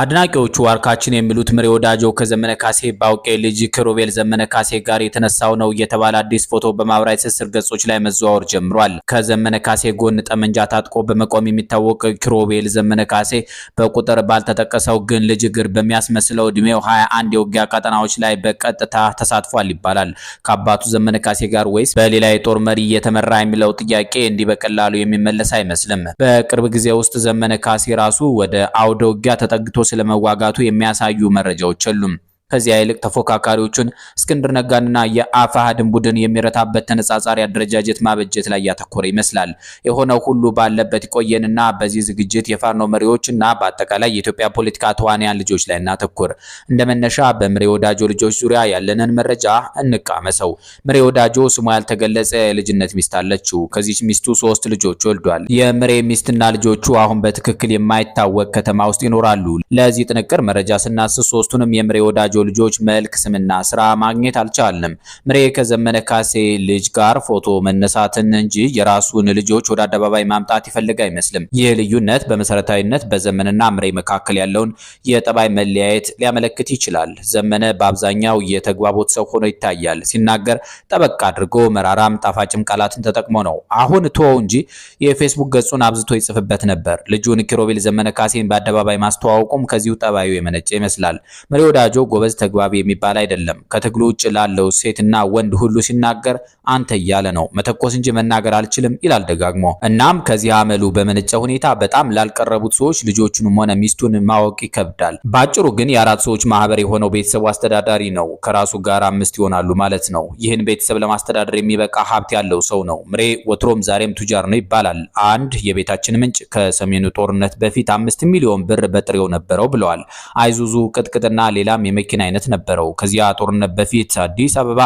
አድናቂዎቹ ዋርካችን የሚሉት ምሬ ወዳጆ ከዘመነ ካሴ ባውቄ ልጅ ክሮቤል ዘመነ ካሴ ጋር የተነሳው ነው እየተባለ አዲስ ፎቶ በማህበራዊ ትስስር ገጾች ላይ መዘዋወር ጀምሯል። ከዘመነ ካሴ ጎን ጠመንጃ ታጥቆ በመቆም የሚታወቅ ክሮቤል ዘመነ ካሴ በቁጥር ባልተጠቀሰው ግን ልጅ እግር በሚያስመስለው እድሜው 21 የውጊያ ቀጠናዎች ላይ በቀጥታ ተሳትፏል ይባላል። ከአባቱ ዘመነ ካሴ ጋር ወይስ በሌላ የጦር መሪ እየተመራ የሚለው ጥያቄ እንዲህ በቀላሉ የሚመለስ አይመስልም። በቅርብ ጊዜ ውስጥ ዘመነ ካሴ ራሱ ወደ አውደ ውጊያ ተጠግቶ ስለመዋጋቱ የሚያሳዩ መረጃዎች የሉም። ከዚያ ይልቅ ተፎካካሪዎቹን እስክንድር ነጋንና የአፋሃድን ቡድን የሚረታበት ተነጻጻሪ አደረጃጀት ማበጀት ላይ ያተኮረ ይመስላል። የሆነው ሁሉ ባለበት ይቆየንና በዚህ ዝግጅት የፋኖ መሪዎችና በአጠቃላይ የኢትዮጵያ ፖለቲካ ተዋንያን ልጆች ላይ እናተኩር። እንደ መነሻ በምሬ ወዳጆ ልጆች ዙሪያ ያለንን መረጃ እንቃመሰው። ምሬ ወዳጆ ስሙ ያልተገለጸ የልጅነት ሚስት አለችው። ከዚች ሚስቱ ሶስት ልጆች ወልዷል። የምሬ ሚስትና ልጆቹ አሁን በትክክል የማይታወቅ ከተማ ውስጥ ይኖራሉ። ለዚህ ጥንቅር መረጃ ስናስስ ሶስቱንም የምሬ ወዳጆ ወዳጆ ልጆች መልክ ስምና ስራ ማግኘት አልቻልንም። ምሬ ከዘመነ ካሴ ልጅ ጋር ፎቶ መነሳትን እንጂ የራሱን ልጆች ወደ አደባባይ ማምጣት ይፈልግ አይመስልም። ይህ ልዩነት በመሰረታዊነት በዘመንና ምሬ መካከል ያለውን የጠባይ መለያየት ሊያመለክት ይችላል። ዘመነ በአብዛኛው የተግባቦት ሰው ሆኖ ይታያል። ሲናገር ጠበቅ አድርጎ መራራም ጣፋጭም ቃላትን ተጠቅሞ ነው። አሁን ቶ እንጂ የፌስቡክ ገጹን አብዝቶ ይጽፍበት ነበር። ልጁን ኪሮቤል ዘመነ ካሴን በአደባባይ ማስተዋወቁም ከዚሁ ጠባዩ የመነጨ ይመስላል። ምሬ ወዳጆ ጎበዝ፣ ተግባቢ የሚባል አይደለም። ከትግሉ ውጭ ላለው ሴትና ወንድ ሁሉ ሲናገር አንተ እያለ ነው። መተኮስ እንጂ መናገር አልችልም ይላል ደጋግሞ። እናም ከዚህ አመሉ በመነጨ ሁኔታ በጣም ላልቀረቡት ሰዎች ልጆቹንም ሆነ ሚስቱን ማወቅ ይከብዳል። በአጭሩ ግን የአራት ሰዎች ማህበር የሆነው ቤተሰቡ አስተዳዳሪ ነው። ከራሱ ጋር አምስት ይሆናሉ ማለት ነው። ይህን ቤተሰብ ለማስተዳደር የሚበቃ ሀብት ያለው ሰው ነው። ምሬ ወትሮም ዛሬም ቱጃር ነው ይባላል። አንድ የቤታችን ምንጭ ከሰሜኑ ጦርነት በፊት አምስት ሚሊዮን ብር በጥሬው ነበረው ብለዋል። አይዙዙ ቅጥቅጥና ሌላም የመኪና የመኪና አይነት ነበረው። ከዚያ ጦርነት በፊት አዲስ አበባ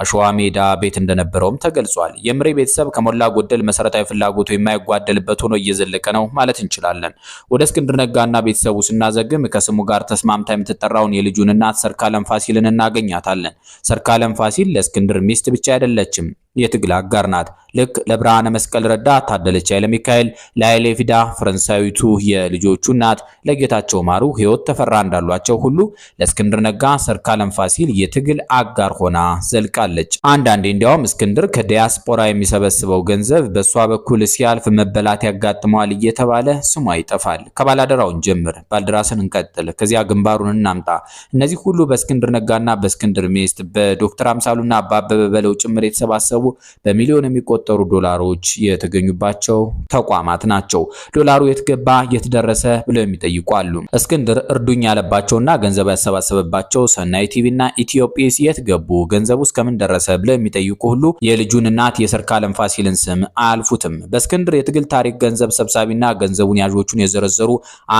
አሸዋ ሜዳ ቤት እንደነበረውም ተገልጿል። የምሬ ቤተሰብ ከሞላ ጎደል መሰረታዊ ፍላጎቱ የማይጓደልበት ሆኖ እየዘለቀ ነው ማለት እንችላለን። ወደ እስክንድር ነጋና ቤተሰቡ ስናዘግም ከስሙ ጋር ተስማምታ የምትጠራውን የልጁን እናት ሰርካለም ፋሲልን እናገኛታለን። ሰርካለም ፋሲል ለእስክንድር ሚስት ብቻ አይደለችም የትግል አጋር ናት። ልክ ለብርሃነ መስቀል ረዳ ታደለች ኃይለ ሚካኤል፣ ለኃይሌ ፊዳ ፈረንሳዊቱ የልጆቹ እናት፣ ለጌታቸው ማሩ ህይወት ተፈራ እንዳሏቸው ሁሉ ለእስክንድር ነጋ ሰርካለም ፋሲል የትግል አጋር ሆና ዘልቃለች። አንዳንዴ እንዲያውም እስክንድር ከዲያስፖራ የሚሰበስበው ገንዘብ በእሷ በኩል ሲያልፍ መበላት ያጋጥመዋል እየተባለ ስሟ ይጠፋል። ከባላደራውን ጀምር፣ ባልደራስን እንቀጥል፣ ከዚያ ግንባሩን እናምጣ። እነዚህ ሁሉ በእስክንድር ነጋና በእስክንድር ሚስት በዶክተር አምሳሉና በአበበ በለው ጭምር የተሰባሰቡ በገንዘቡ በሚሊዮን የሚቆጠሩ ዶላሮች የተገኙባቸው ተቋማት ናቸው። ዶላሩ የተገባ የትደረሰ ብለው የሚጠይቁ አሉ። እስክንድር እርዱኝ ያለባቸውና ገንዘብ ያሰባሰበባቸው ሰናይ ቲቪ እና ኢትዮጲስ የት ገቡ ገንዘቡ እስከምን ደረሰ ብለው የሚጠይቁ ሁሉ የልጁን እናት የሰርካለም ፋሲልን ስም አያልፉትም። በእስክንድር የትግል ታሪክ ገንዘብ ሰብሳቢና ገንዘቡን ያዦቹን የዘረዘሩ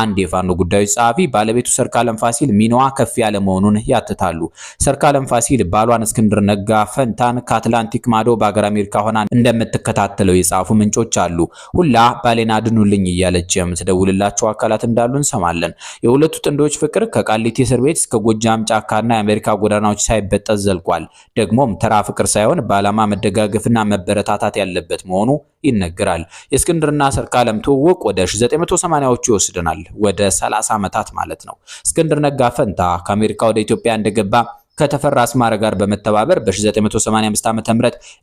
አንድ የፋኖ ጉዳዮች ጸሐፊ ባለቤቱ ሰርካለም ፋሲል ሚናዋ ከፍ ያለ መሆኑን ያትታሉ። ሰርካለም ፋሲል ባሏን እስክንድር ነጋ ፈንታን ከአትላንቲክ ማዶ በአገር አሜሪካ ሆና እንደምትከታተለው የጻፉ ምንጮች አሉ። ሁላ ባሌን አድኑልኝ እያለች የምትደውልላቸው አካላት እንዳሉ እንሰማለን። የሁለቱ ጥንዶች ፍቅር ከቃሊቲ እስር ቤት እስከ ጎጃም ጫካና የአሜሪካ ጎዳናዎች ሳይበጠስ ዘልቋል። ደግሞም ተራ ፍቅር ሳይሆን በዓላማ መደጋገፍና መበረታታት ያለበት መሆኑ ይነገራል። የእስክንድርና ሰርክ አለም ትውውቅ ወደ 1980ዎቹ ይወስደናል። ወደ 30 ዓመታት ማለት ነው። እስክንድር ነጋ ፈንታ ከአሜሪካ ወደ ኢትዮጵያ እንደገባ ከተፈራ አስማረ ጋር በመተባበር በ1985 ዓ.ም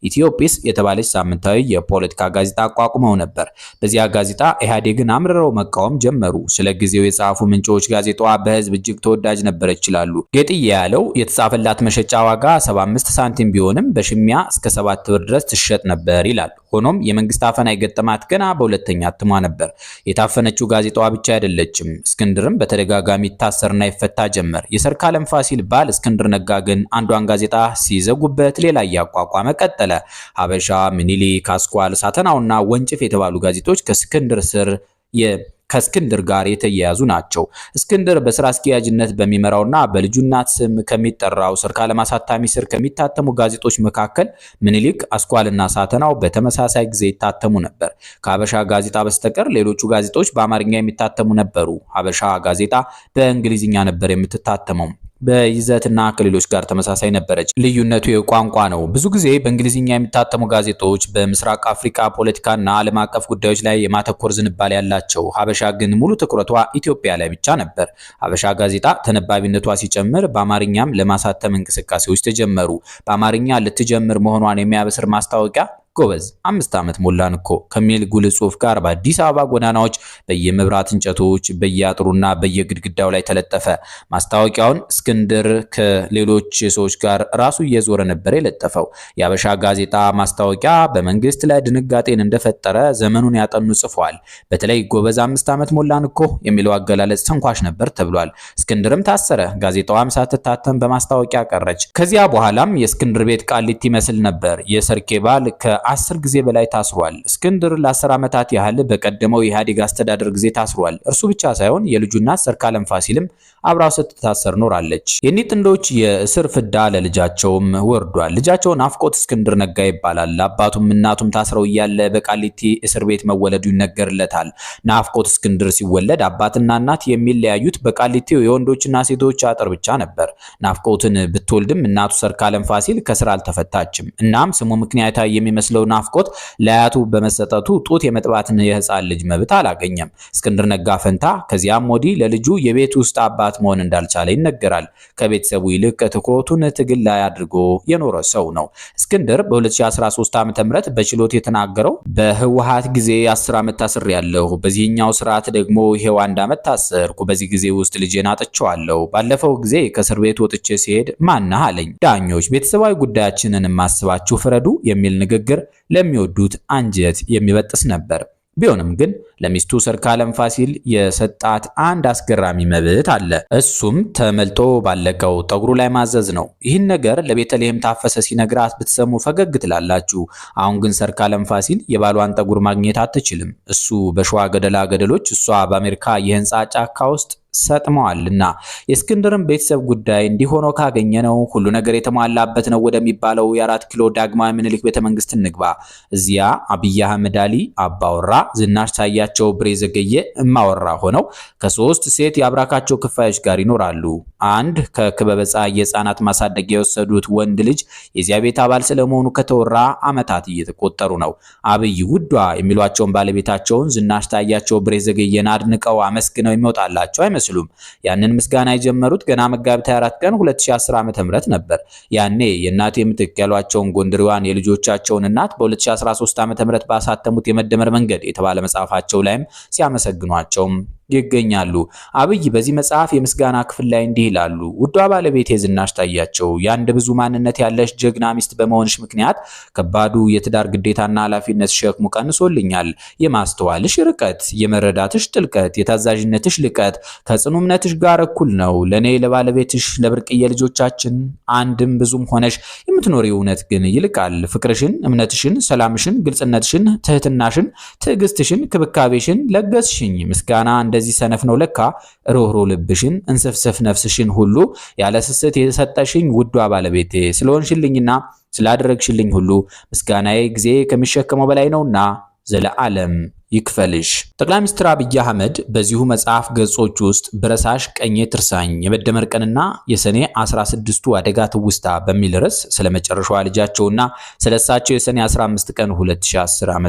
ኢትዮጲስ የተባለች ሳምንታዊ የፖለቲካ ጋዜጣ አቋቁመው ነበር። በዚያ ጋዜጣ ኢህአዴግን አምርረው መቃወም ጀመሩ። ስለ ጊዜው የጻፉ ምንጮች ጋዜጣዋ በህዝብ እጅግ ተወዳጅ ነበረች ይችላሉ። ጌጥዬ ያለው የተጻፈላት መሸጫ ዋጋ 75 ሳንቲም ቢሆንም በሽሚያ እስከ 7 ብር ድረስ ትሸጥ ነበር ይላሉ። ሆኖም የመንግስት አፈና የገጠማት ገና በሁለተኛ እትሟ ነበር። የታፈነችው ጋዜጣዋ ብቻ አይደለችም። እስክንድርም በተደጋጋሚ ይታሰርና ይፈታ ጀመር። የሰርክ አለም ፋሲል ባል እስክንድር ነጋ ግን አንዷን ጋዜጣ ሲዘጉበት ሌላ እያቋቋመ ቀጠለ። ሀበሻ፣ ምኒልክ፣ አስኳል፣ ሳተናውና ወንጭፍ የተባሉ ጋዜጦች ከእስክንድር ስር ከእስክንድር ጋር የተያያዙ ናቸው። እስክንድር በስራ አስኪያጅነት በሚመራውና በልጁ እናት ስም ከሚጠራው ሰርካ ለማሳታሚ ስር ከሚታተሙ ጋዜጦች መካከል ምኒልክ፣ አስኳልና ሳተናው በተመሳሳይ ጊዜ ይታተሙ ነበር። ከሀበሻ ጋዜጣ በስተቀር ሌሎቹ ጋዜጦች በአማርኛ የሚታተሙ ነበሩ። ሀበሻ ጋዜጣ በእንግሊዝኛ ነበር የምትታተመው። በይዘትና ከሌሎች ጋር ተመሳሳይ ነበረች። ልዩነቱ የቋንቋ ነው። ብዙ ጊዜ በእንግሊዝኛ የሚታተሙ ጋዜጦች በምስራቅ አፍሪካ ፖለቲካና ዓለም አቀፍ ጉዳዮች ላይ የማተኮር ዝንባሌ ያላቸው፣ ሀበሻ ግን ሙሉ ትኩረቷ ኢትዮጵያ ላይ ብቻ ነበር። ሀበሻ ጋዜጣ ተነባቢነቷ ሲጨምር በአማርኛም ለማሳተም እንቅስቃሴዎች ተጀመሩ። በአማርኛ ልትጀምር መሆኗን የሚያበስር ማስታወቂያ ጎበዝ አምስት ዓመት ሞላን እኮ ከሚል ጉል ጽሁፍ ጋር በአዲስ አበባ ጎዳናዎች በየመብራት እንጨቶች በየአጥሩና በየግድግዳው ላይ ተለጠፈ። ማስታወቂያውን እስክንድር ከሌሎች ሰዎች ጋር ራሱ እየዞረ ነበር የለጠፈው። የአበሻ ጋዜጣ ማስታወቂያ በመንግስት ላይ ድንጋጤን እንደፈጠረ ዘመኑን ያጠኑ ጽፏል። በተለይ ጎበዝ አምስት ዓመት ሞላን እኮ የሚለው አገላለጽ ተንኳሽ ነበር ተብሏል። እስክንድርም ታሰረ። ጋዜጣዋም ሳትታተም በማስታወቂያ ቀረች። ከዚያ በኋላም የእስክንድር ቤት ቃሊቲ ይመስል ነበር። የሰርኬ ባል ከ ከአስር ጊዜ በላይ ታስሯል። እስክንድር ለአስር ዓመታት ያህል በቀደመው የኢህአዴግ አስተዳደር ጊዜ ታስሯል። እርሱ ብቻ ሳይሆን የልጁ እናት ሰርካለም ፋሲልም አብራው ስትታሰር ኖራለች። የኒ ጥንዶች የእስር ፍዳ ለልጃቸውም ወርዷል። ልጃቸው ናፍቆት እስክንድር ነጋ ይባላል። አባቱም እናቱም ታስረው እያለ በቃሊቲ እስር ቤት መወለዱ ይነገርለታል። ናፍቆት እስክንድር ሲወለድ አባትና እናት የሚለያዩት በቃሊቲ የወንዶችና ሴቶች አጥር ብቻ ነበር። ናፍቆትን ብትወልድም እናቱ ሰርካለም ፋሲል ከስራ አልተፈታችም። እናም ስሙ ምክንያታዊ የሚመስል የሚመስለው ናፍቆት ለአያቱ በመሰጠቱ ጡት የመጥባትን የህፃን ልጅ መብት አላገኘም። እስክንድር ነጋ ፈንታ ከዚያም ወዲህ ለልጁ የቤት ውስጥ አባት መሆን እንዳልቻለ ይነገራል። ከቤተሰቡ ይልቅ ትኩረቱን ትግል ላይ አድርጎ የኖረ ሰው ነው። እስክንድር በ2013 ዓ ም በችሎት የተናገረው በህወሀት ጊዜ 10 ዓመት ታስር ያለሁ፣ በዚህኛው ስርዓት ደግሞ ሄዋ አንድ ዓመት ታሰርኩ። በዚህ ጊዜ ውስጥ ልጄን አጥቼዋለሁ። ባለፈው ጊዜ ከእስር ቤት ወጥቼ ሲሄድ ማናህ አለኝ። ዳኞች ቤተሰባዊ ጉዳያችንን የማስባችሁ ፍረዱ የሚል ንግግር ለሚወዱት አንጀት የሚበጥስ ነበር። ቢሆንም ግን ለሚስቱ ሰርካለም ፋሲል የሰጣት አንድ አስገራሚ መብት አለ። እሱም ተመልጦ ባለቀው ጠጉሩ ላይ ማዘዝ ነው። ይህን ነገር ለቤተልሔም ታፈሰ ሲነግራት ብትሰሙ ፈገግ ትላላችሁ። አሁን ግን ሰርካለም ፋሲል የባሏን ጠጉር ማግኘት አትችልም። እሱ በሸዋ ገደላ ገደሎች፣ እሷ በአሜሪካ የህንፃ ጫካ ውስጥ ሰጥመዋልና የእስክንድርን ቤተሰብ ጉዳይ እንዲሆኖ ካገኘ ነው ሁሉ ነገር የተሟላበት ነው ወደሚባለው የአራት ኪሎ ዳግማዊ ምኒልክ ቤተመንግስት እንግባ። እዚያ አብይ አህመድ አሊ አባወራ ዝናሽ ታያቸው ልጃቸው ብሬ ዘገየ እማወራ ሆነው ከሶስት ሴት የአብራካቸው ክፋዮች ጋር ይኖራሉ። አንድ ከክበበጻ የህፃናት ማሳደግ የወሰዱት ወንድ ልጅ የዚያ ቤት አባል ስለመሆኑ ከተወራ አመታት እየተቆጠሩ ነው። አብይ ውዷ የሚሏቸውን ባለቤታቸውን ዝናሽ ታያቸው ብሬ ዘገየን አድንቀው አመስግነው የሚወጣላቸው አይመስሉም። ያንን ምስጋና የጀመሩት ገና መጋቢት 24 ቀን 2010 ዓ.ም ነበር። ያኔ የእናቴ ምትክ ያሏቸውን ጎንደሬዋን የልጆቻቸውን እናት በ2013 ዓ.ም ባሳተሙት የመደመር መንገድ የተባለ መጽሐፋቸው ላይም ሲያመሰግኗቸውም። ይገኛሉ። አብይ በዚህ መጽሐፍ የምስጋና ክፍል ላይ እንዲህ ይላሉ። ውዷ ባለቤቴ ዝናሽ ታያቸው የአንድ ብዙ ማንነት ያለሽ ጀግና ሚስት በመሆንሽ ምክንያት ከባዱ የትዳር ግዴታና ኃላፊነት ሸክሙ ቀንሶልኛል። የማስተዋልሽ ርቀት፣ የመረዳትሽ ጥልቀት፣ የታዛዥነትሽ ልቀት ከጽኑ እምነትሽ ጋር እኩል ነው። ለእኔ ለባለቤትሽ፣ ለብርቅዬ ልጆቻችን አንድም ብዙም ሆነሽ የምትኖሪው እውነት ግን ይልቃል። ፍቅርሽን፣ እምነትሽን፣ ሰላምሽን፣ ግልጽነትሽን፣ ትህትናሽን፣ ትዕግስትሽን፣ ክብካቤሽን ለገስሽኝ ምስጋና እንደ እንደዚህ ሰነፍ ነው ለካ ሮህሮ ልብሽን እንሰፍሰፍ ነፍስሽን ሁሉ ያለ ስስት የሰጠሽኝ ውዷ ባለቤቴ ስለሆንሽልኝና ስላደረግሽልኝ ሁሉ ምስጋናዬ ጊዜ ከሚሸከመው በላይ ነውና ዘለዓለም ይክፈልሽ። ጠቅላይ ሚኒስትር አብይ አህመድ በዚሁ መጽሐፍ ገጾች ውስጥ በረሳሽ ቀኜ ትርሳኝ የመደመር ቀንና የሰኔ 16ቱ አደጋ ትውስታ በሚል ርዕስ ስለ መጨረሻዋ ልጃቸውና ስለ እሳቸው የሰኔ 15 ቀን 2010 ዓ.ም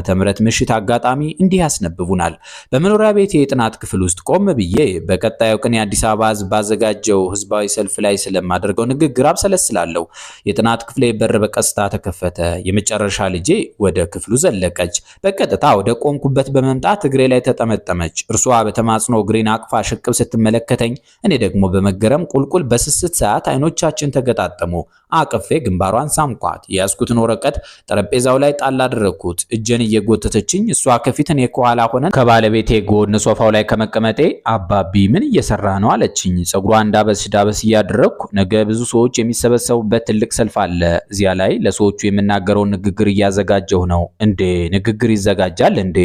ምሽት አጋጣሚ እንዲህ ያስነብቡናል። በመኖሪያ ቤት የጥናት ክፍል ውስጥ ቆም ብዬ በቀጣዩ ቀን የአዲስ አበባ ህዝብ ባዘጋጀው ህዝባዊ ሰልፍ ላይ ስለማደርገው ንግግር አብሰለስላለሁ። የጥናት ክፍሌ በር በቀስታ ተከፈተ። የመጨረሻ ልጄ ወደ ክፍሉ ዘለቀች። በቀጥታ ወደ ቆምኩበት በመምጣት እግሬ ላይ ተጠመጠመች። እርሷ በተማጽኖ እግሬን አቅፋ ሽቅብ ስትመለከተኝ፣ እኔ ደግሞ በመገረም ቁልቁል በስስት ሰዓት አይኖቻችን ተገጣጠሙ። አቅፌ ግንባሯን ሳምኳት። የያዝኩትን ወረቀት ጠረጴዛው ላይ ጣል አደረግኩት። እጄን እየጎተተችኝ እሷ ከፊት እኔ ከኋላ ሆነን ከባለቤቴ ጎን ሶፋው ላይ ከመቀመጤ አባቢ ምን እየሰራ ነው አለችኝ። ጸጉሯ እንዳበስ ዳበስ እያደረግኩ ነገ ብዙ ሰዎች የሚሰበሰቡበት ትልቅ ሰልፍ አለ። እዚያ ላይ ለሰዎቹ የምናገረውን ንግግር እያዘጋጀው ነው። እንዴ ንግግር ይዘጋጃል እንዴ?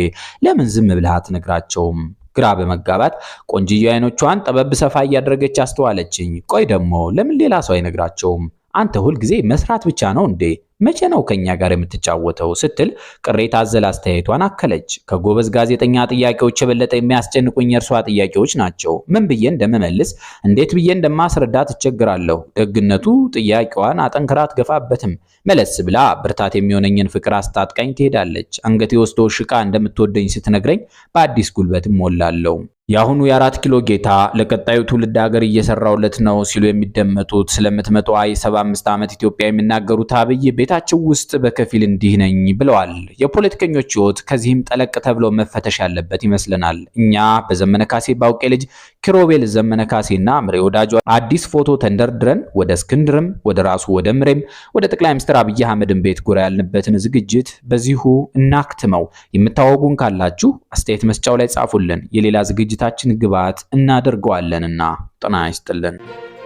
ለምን ዝም ብለህ አትነግራቸውም? ግራ በመጋባት ቆንጅዬ አይኖቿን ጠበብ ሰፋ እያደረገች አስተዋለችኝ። ቆይ ደግሞ ለምን ሌላ ሰው አይነግራቸውም? አንተ ሁልጊዜ መስራት ብቻ ነው እንዴ? መቼ ነው ከኛ ጋር የምትጫወተው ስትል ቅሬታ አዘል አስተያየቷን አከለች። ከጎበዝ ጋዜጠኛ ጥያቄዎች የበለጠ የሚያስጨንቁኝ የእርሷ ጥያቄዎች ናቸው። ምን ብዬ እንደምመልስ እንዴት ብዬ እንደማስረዳት ትቸግራለሁ ደግነቱ ጥያቄዋን አጠንክራ አትገፋበትም። መለስ ብላ ብርታት የሚሆነኝን ፍቅር አስታጥቃኝ ትሄዳለች። አንገቴ ወስዶ ሽቃ እንደምትወደኝ ስትነግረኝ በአዲስ ጉልበት ሞላለሁ። የአሁኑ የአራት ኪሎ ጌታ ለቀጣዩ ትውልድ ሀገር እየሰራውለት ነው ሲሉ የሚደመጡት ስለምትመጣው የሰባ አምስት ዓመት ኢትዮጵያ የሚናገሩት አብይ ቤታቸው ውስጥ በከፊል እንዲህ ነኝ ብለዋል። የፖለቲከኞች ህይወት ከዚህም ጠለቅ ተብሎ መፈተሽ ያለበት ይመስለናል። እኛ በዘመነ ካሴ ባውቄ ልጅ ኪሮቤል ዘመነ ካሴና ምሬ ወዳጁ አዲስ ፎቶ ተንደርድረን ወደ እስክንድርም ወደ ራሱ ወደ ምሬም ወደ ጠቅላይ ሚኒስትር አብይ አህመድን ቤት ጎራ ያልንበትን ዝግጅት በዚሁ እናክትመው። የምታወጉን ካላችሁ አስተያየት መስጫው ላይ ጻፉልን። የሌላ ዝግጅታችን ግብዓት እናደርገዋለንና ጤና ይስጥልን።